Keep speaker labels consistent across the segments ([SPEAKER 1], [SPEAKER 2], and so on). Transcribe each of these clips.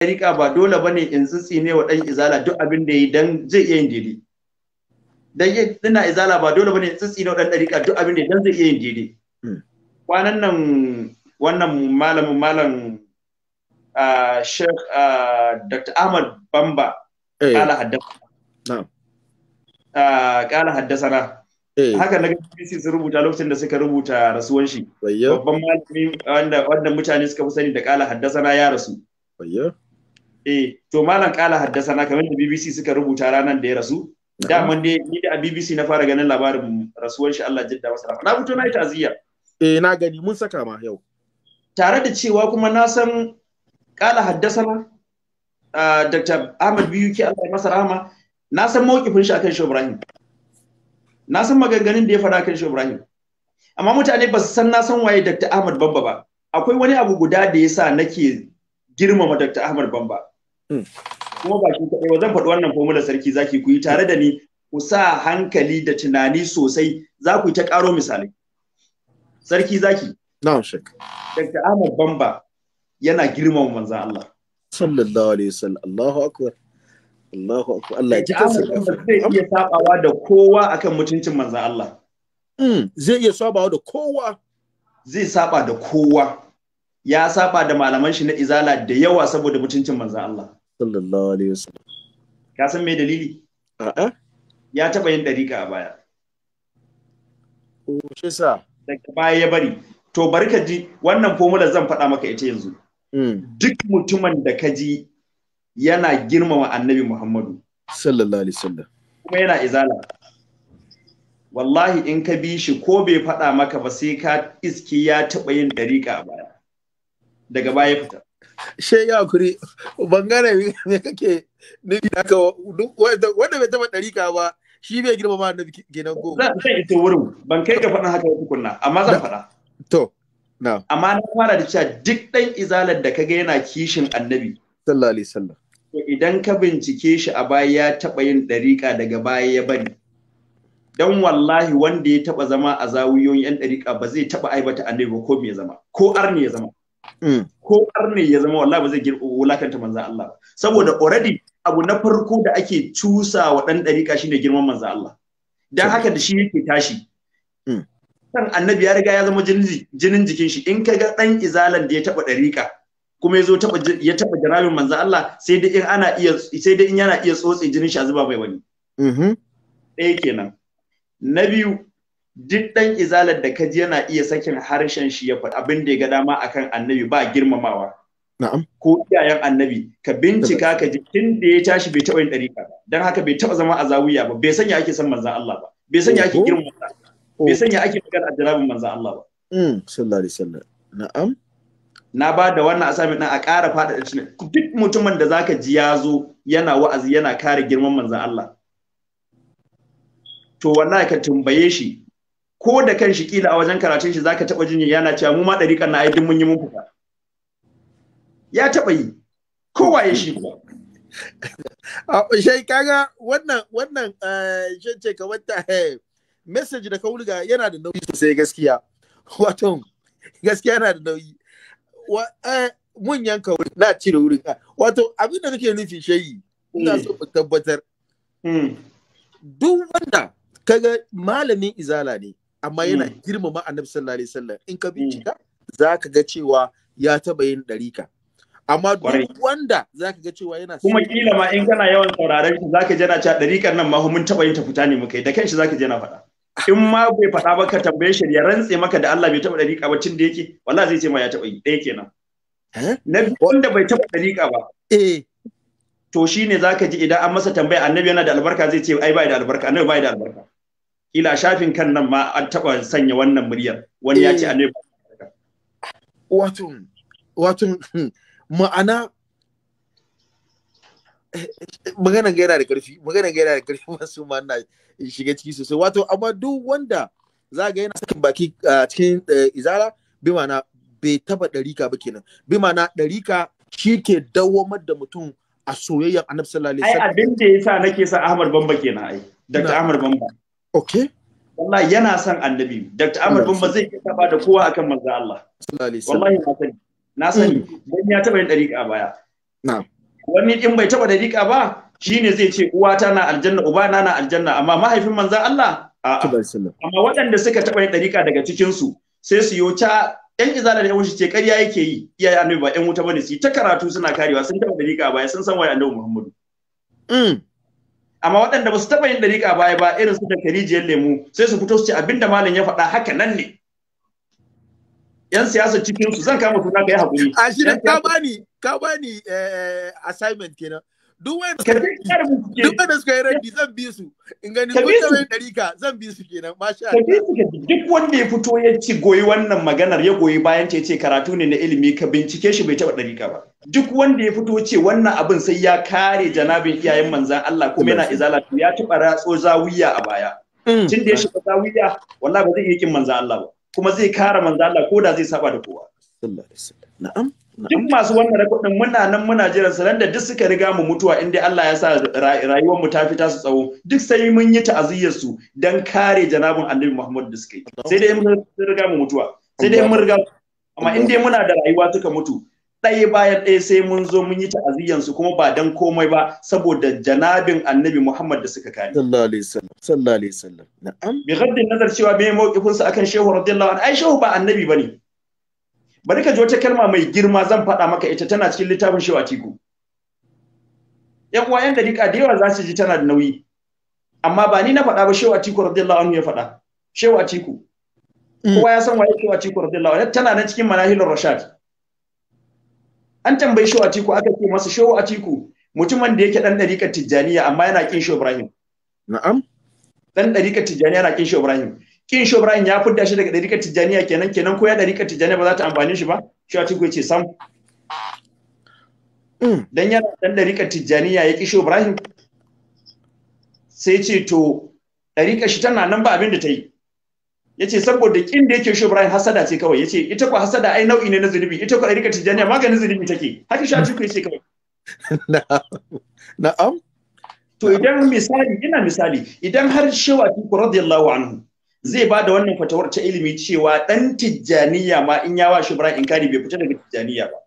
[SPEAKER 1] ɗariƙa ba dole bane in tsitsi ne wa ɗan izala duk abin da yi dan zai iya yin daidai dan yi ina izala ba dole bane tsitsi ne wa ɗan ɗariƙa duk abin da dan zai iya yin daidai hmm. kwanan nan wannan malamin malam Sheikh Dr. Ahmad Bamba eh. kala haddasa kala haddasa na eh. haka na BBC sun rubuta lokacin da suka rubuta rasuwan shi babban malami wanda mutane suka fi sani da kala haddasa na ya rasu eh to malam kala haddasa na kamar da BBC suka rubuta ranar da ya rasu daman dai ni da BBC na fara ganin labarin rasuwar shi Allah jidda masa na fito na yi ta'aziyya eh na gani mun saka ma yau tare da cewa kuma na san kala haddasa na Dr. Ahmad ke Allah ya masa rahama na san mawkifin shi akan Shehu Ibrahim na san maganganun da ya faɗa akan Shehu Ibrahim amma mutane ba su san na san waye Dr. Ahmad Bamba ba akwai wani abu guda da yasa nake girmama Dr. Ahmad Bamba Mm. Kuma shi kaɗai zan faɗi wannan formula sarki zaki ku yi tare da ni ku sa hankali da tunani sosai za ku yi ta ƙaro misalai. Sarki zaki. Na'am shek. Dr. Ahmad Bamba yana girmama manzan Allah. Sallallahu alaihi wasallam Allahu akbar. Allahu akbar Allah ya ji kansa. Zai iya
[SPEAKER 2] sabawa da
[SPEAKER 1] kowa akan mutuncin manzan Allah. Mm. zai iya sabawa da kowa. Zai saba da kowa. Ya saba da malaman shi na izala da yawa saboda mutuncin manzan Allah. sallallahu alaihi wasallam ka san me dalili a ya taba yin dariƙa a baya oh shi sa daga baya ya bari to bari ka ji wannan formula zan faɗa maka ita yanzu hmm. duk mutumin da ka ji yana girmama annabi Muhammadu sallallahu alaihi wasallam kuma yana izala wallahi in ka bi shi ko bai faɗa maka ba sai ka iski ya taɓa yin dariƙa a baya daga baya fita
[SPEAKER 2] she ya kuri bangare me kake nufi duk wanda bai taba ɗarika ba shi bai girma ma annabi kenan ko zan ita wurin ban kai ga faɗin haka tukunna amma
[SPEAKER 1] zan faɗa to na amma na fara da cewa duk ɗan izalan da kaga yana kishin annabi sallallahu alaihi wasallam idan ka bincike shi a baya ya taɓa yin ɗariƙa daga baya ya bari dan wallahi wanda ya taɓa zama a zawiyoyin yan ɗariƙa ba zai taɓa aibata annabi ba ko me zama ko arni ya zama Mm. ko ne ya zama wallahi ba zai wulakanta manzan Allah ba saboda already abu na farko da ake cusa wa dan dariƙa shine girman manzan Allah dan haka da shi yake tashi san mm. annabi ya riga ya zama jinin jikin shi in kaga dan izalan da ya taba dariƙa kuma ya zo ya taba jarabin manzan Allah sai dai in ana iya sai dai in yana iya tsotse jinin shi a zuba bai wani mm-hmm. ɗaya kenan na biyu duk dan izalar da kaji yana iya sakin harshen shi ya faɗi abin da ya ga dama akan annabi ba girmamawa
[SPEAKER 2] na'am ko
[SPEAKER 1] iyayen annabi ka bincika ka ji tun da ya tashi bai taɓa yin ɗariƙa ba don haka bai taɓa zama a zawiya ba bai sanya ake son manzan Allah ba bai sanya ake girmama bai sanya ake magana a jarabin manzan Allah ba
[SPEAKER 2] mm, sallallahu alaihi wasallam na'am
[SPEAKER 1] na ba da wannan asami dan a ƙara da shi duk mutumin da zaka ji ya zo yana wa'azi yana kare girman manzan Allah to wallahi ka tumbaye shi ko da kan shi kila a wajen karatun shi zaka taba jin yana cewa mu ma dariƙan na aidin mun yi mun fita ya taba
[SPEAKER 2] yi kowa ya shi ko ah, shai kaga wannan wannan eh, ce ka wata eh, message da ka wulga yana da nauyi sosai gaskiya wato gaskiya yana da nauyi eh, mun yanka wuri na cire wurin ah, wato abin da nake nufi shayi ina so ku tabbatar hmm. Hmm. duk wanda kaga malamin izala ne amma yana mm. girmama annabi sallallahu alaihi wasallam in ka bincika mm. zaka ga cewa ya taba yin ɗarika. amma duk wanda
[SPEAKER 1] zaka ga cewa yana kuma kila ma in kana yawan
[SPEAKER 2] tauraron shi zaka jana cewa ɗarikan nan
[SPEAKER 1] ma mun taba yin ta fita ne muka yi da kanshi zaka jana faɗa in ma bai faɗa ba ka tambaye shi ya rantse maka da Allah bai taba ɗarika ba tun da yake wallahi zai ce ma ya taba yi ɗaya kenan eh? na wanda bai taba ɗarika ba eh to shine zaka ji idan an masa tambaya annabi yana da albarka zai ce ai bai da albarka annabi bai da albarka kila shafin kan nan ma an taba sanya wannan muryar wani ya ce eh. annabi
[SPEAKER 2] Watun, watun, ma'ana magana ga yana da karfi magana ga yana da karfi masu ma na shiga ciki sosai Watun, amma duk wanda za ga yana sakin baki a cikin e, izara bi ma'ana bai taba ɗarika ba kenan bi ma'ana ɗarika shi ke dawamar da mutum a soyayyar annabi sallallahu alaihi wasallam ai abin da yasa nake sa Ahmad Bamba kenan
[SPEAKER 1] ai Dr. Ahmad Bamba okay wallahi yana son annabi Dr. Ahmad Bamba zai ke taba da kowa akan manzo Allah wallahi na sani na sani hmm. dan ya taba yin dariƙa baya na'am wani in bai taba dariƙa ba shine zai ce uwata na aljanna ubana na aljanna amma mahaifin manzo Allah
[SPEAKER 2] amma
[SPEAKER 1] waɗanda suka taba yin ɗarika daga cikin su sai su yo ta yan izala da yawanci ce ƙarya yake yi iyaye annabi ba yan wuta bane su ta karatu suna karewa sun taba dariƙa baya sun san wai annabi Muhammadu mm. amma waɗanda ba su taɓa yin dariƙa baya ba irin su da karijiyar lemu sai su fito su ce abinda malam ya faɗa haka nan ne yan siyasa cikin su zan kama suna ka yi haƙuri a shi ka bani
[SPEAKER 2] ka bani eh, assignment kenan duk wanda suka yi zan bi su zan bi su kenan masha
[SPEAKER 1] duk wanda ya fito ya ci goyi wannan maganar ya goyi bayan ce ce karatu ne na ilimi ka bincike shi bai taɓa ɗarika ba duk wanda ya fito ce wannan abin sai ya kare janabin iyayen manzan Allah kuma yana izala ya taba ratso zawiya a baya mm. tun da ya shiga zawiya wallahi ba zai yi kin manzan Allah ba kuma zai kare manzan Allah ko da zai saba da kowa na'am duk masu wannan rekodin muna nan muna jiran su da duk suka riga mu mutuwa in dai Allah ya sa rayuwar mu ta fita su tsawo duk sai mun yi ta'aziyyar su dan kare janabun Annabi Muhammad da suka yi sai dai mun riga mu mutuwa sai dai mun riga amma in dai muna da rayuwa suka mutu ɗaya bayan ɗaya sai mun zo mun yi ta'aziyyar su kuma ba dan komai ba saboda janabin Annabi Muhammad da suka kare sallallahu alaihi wasallam sallallahu alaihi
[SPEAKER 2] wasallam na'am
[SPEAKER 1] bi gaddin nazar cewa me mawqifin su akan Shehu radiyallahu anhu ai Shehu ba Annabi bane bari ka ji wata kalma mai girma zan faɗa maka ita tana cikin littafin shewa tiku ya uwa yan dariƙa da yawa za su ji tana da nauyi amma ba ni na faɗa ba shewa tiku radiyallahu anhu ya faɗa shewa tiku mm. kowa ya san waye shewa tiku radiyallahu anhu tana nan cikin manahilur rashad an tambayi shewa tiku aka ce masa shewa tiku mutumin da yake dan dariƙar tijjaniya amma yana kin shewa ibrahim na'am dan dariƙar tijjaniya yana kin shewa ibrahim kin shi Ibrahim ya fudda shi daga ɗarikar Tijjaniya kenan kenan ko ya ɗarika Tijjaniya ba za ta amfani shi ba shi a cikin ce sam mm. dan yana dan ɗarikar Tijjaniya ya kisho Ibrahim sai ce to ɗarika shi tana nan ba abin da ta yi yace saboda kin da yake shi Ibrahim hasada ce kawai yace ita ko hasada ai nau'i ne na zunubi ita ko ɗarikar Tijjaniya maganin zunubi take haka shi a cikin ce kawai na'am to idan misali ina misali idan har shewa tuku radiyallahu anhu zai ba da wannan fatawar ta ilimi cewa dan tijjaniya ma in ya wa shubran kari bai fita daga tijjaniya ba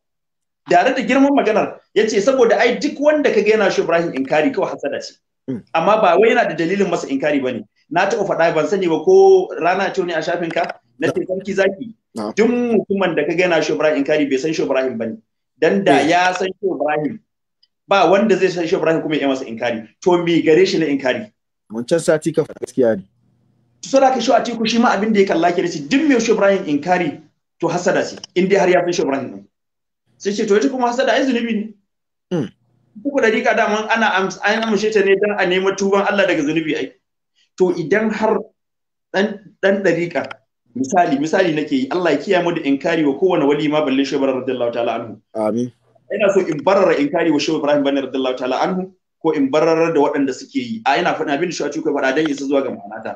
[SPEAKER 1] Dare da girman maganar ya ce saboda ai duk wanda ka ga yana shubran kari kawai hasada ce mm. amma ba wai yana da dalilin masa in inkari bane na taɓa faɗa ban sani ba ko rana ce ne a shafin ka na ce sarki zaki duk mutumin da ka ga yana shubran kari bai san shubrahim bane dan da mm. ya san shubrahim ba wanda zai san shubrahim kuma ya masa in inkari to me gare shi na Mun wancan sati ka gaskiya ne sura ka shi a teku shi ma abin da ya kalla ke da shi duk mai shi Ibrahim inkari to hasada ce in dai har ya fi shi Ibrahim ne sai ce to ita kuma hasada ai zunubi ne hmm. uku da rika dama ana an amshe ta ne dan a nemi tuban Allah daga zunubi ai to idan har dan dan dariƙa misali misali nake yi Allah ya kiyaye mu da inkari wa kowane wali ma balle shi Ibrahim radiyallahu ta'ala anhu amin ina so in barara inkari wa shi Ibrahim bane radiyallahu ta'ala anhu ko in barara da waɗanda suke yi a ina faɗin abin da shi a cikin faɗa dan isa zuwa ga ma'anata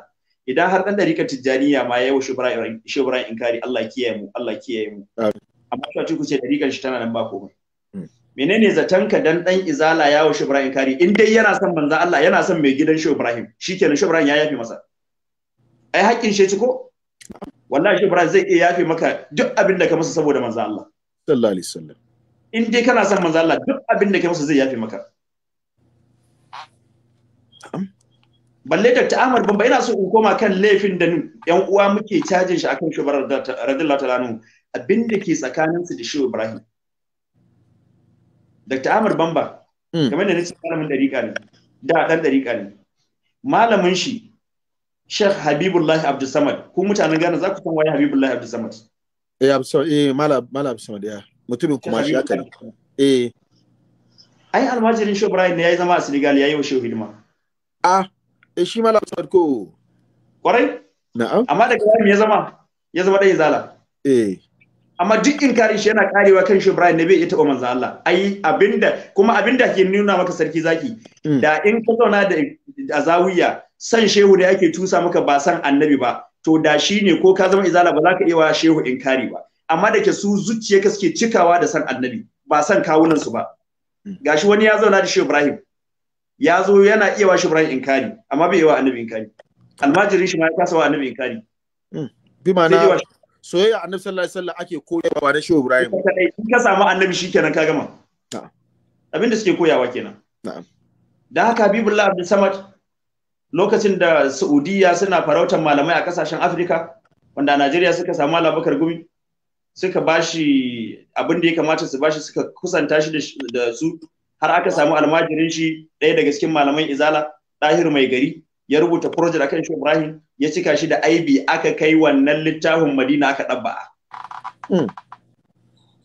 [SPEAKER 1] idan har dan dariƙar tijjaniya ma yayi wa in inkari Allah kiyaye mu Allah kiyaye mu amma shi ku ce dariƙar shi tana nan ba komai hmm. menene zatanka dan dan izala yawo shubran inkari in dai yana son manzo Allah yana son mai gidan shi Ibrahim shikenan shubran ya yafe masa ai haƙƙin shi ci ko wallahi shubran zai iya yafe maka duk abin da ka masa saboda manzo Allah sallallahu alaihi wasallam in dai kana son manzo Allah duk abin da ka masa zai yafe maka balle da amar ban ina so in koma kan laifin da yan uwa muke cajin shi akan shubar radiyallahu ta'ala anhu abin da ke tsakanin su da shi Ibrahim Dr. Amar Bamba hmm. kamar da nace malamin dariƙa ne da dan dariƙa ne malamin shi Sheikh Habibullah Abdul Samad ku mutanen Ghana za ku san waye Habibullah Abdul Samad
[SPEAKER 2] eh am so eh malam malam Abdul Samad ya mutumin kuma shi aka
[SPEAKER 1] eh ai almajirin Shehu Ibrahim ne yayi zama a Senegal yayi wa Shehu hidima ah Eh, shi ma lafi sadko kwarai na'am amma daga wani ya zama ya zama dai zala eh amma duk in kare shi yana karewa kan shi Ibrahim ne bai iya taɓa Allah ai abinda kuma abinda ke nuna maka sarki zaki mm. da in ka zauna da azawiya san shehu ne ake tusa maka ba san annabi ba to da shi ne ko ka zama izala ba za ka iya wa shehu inkari ba amma da ke su zuciya ka suke cikawa da san annabi ba san kawunan su ba mm. gashi wani ya zauna da shehu Ibrahim ya zo yana iya wa Ibrahim inkari amma bai yi wa annabi inkari almajirin shi ma ya kasa wa annabi inkari
[SPEAKER 2] hmm. bi ma'ana
[SPEAKER 1] soyayya annabi sallallahu alaihi wasallam ake koyarwa ba na shi Ibrahim in ka samu annabi shikenan ka gama abin da suke koyawa kenan da haka Habibullah Abdul Samad lokacin da Saudiya suna farautar malamai a kasashen Afirka wanda a Najeriya suka samu alabakar Gumi suka bashi abin da ya kamata su bashi suka kusanta shi da su har aka samu almajirin shi ɗaya daga cikin malaman izala ɗahir mai gari ya rubuta project akan shi Ibrahim ya cika shi da ib aka kai wannan littafin Madina aka ɗabba'a.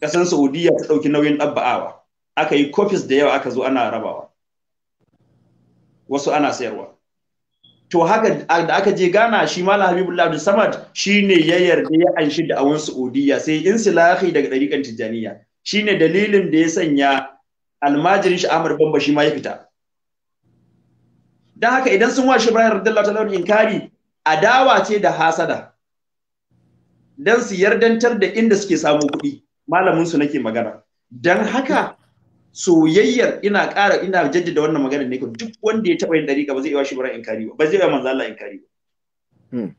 [SPEAKER 1] Kasan hmm. Saudiya ta ɗauki nauyin ɗabba'awa. Aka yi copies da yawa aka zo ana rabawa. Wasu ana sayarwa. To haka da aka je gana shi Malam Habibullah Abdul Samad shi ne ya yarda ya anshi da awun Saudiya sai insilahi daga ɗariƙan Tijjaniya. shine dalilin da ya sanya almajirin shi Ahmad Bamba shi ma ya fita Don haka idan sun washe Ibrahim radiyallahu launin inkari adawa ce da hasada Don su yardantar da inda suke samu kuɗi malamin su nake magana Don haka soyayyar ina ƙara ina jaddada wannan magana ne duk wanda ya taɓa yin dariƙa ba zai iya shi Ibrahim inkari ba ba zai iya manzo Allah inkari ba hmm.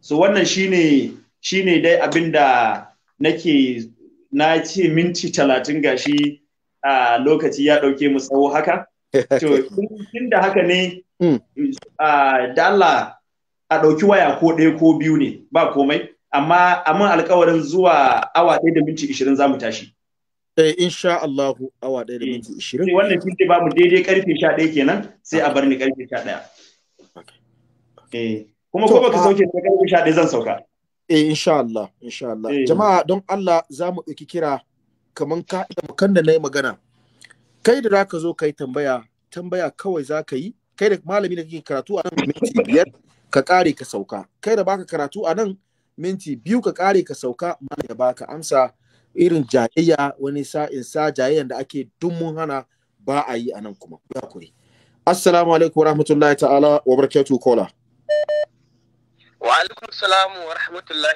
[SPEAKER 1] so wannan shine shine dai abinda nake na ce minti talatin gashi a lokaci ya ɗauke mu tsawo haka tun da haka ne hmm. da Allah a ɗauki waya ko ɗaya ko biyu ne ba komai amma amma alkawarin zuwa awa ɗaya da minti ishirin za mu tashi Eh, insha Allahu awa ɗaya da eh, minti ishirin. Sai wannan shi ba mu daidai karfe sha ɗaya kenan sai a bar ni karfe
[SPEAKER 2] sha ɗaya. Eh, kuma ko ka sauke da karfe sha ɗaya zan sauka. eh insha Allah insha Allah eh. jama'a don Allah za mu ɗauki kira kamar ka kan da na yi magana kai da za ka zo ka yi tambaya tambaya kawai za ka yi kai da malami da kake karatu a nan minti biyar ka ƙare ka sauka kai da baka karatu a nan minti biyu ka ƙare ka sauka da ya baka amsa irin jayayya wani sa'in sa jayayyan da ake dummun hana ba a yi a nan kuma assalamu alaikum warahmatullahi ta'ala wa barakatuh kola
[SPEAKER 1] وعليكم السلام ورحمة الله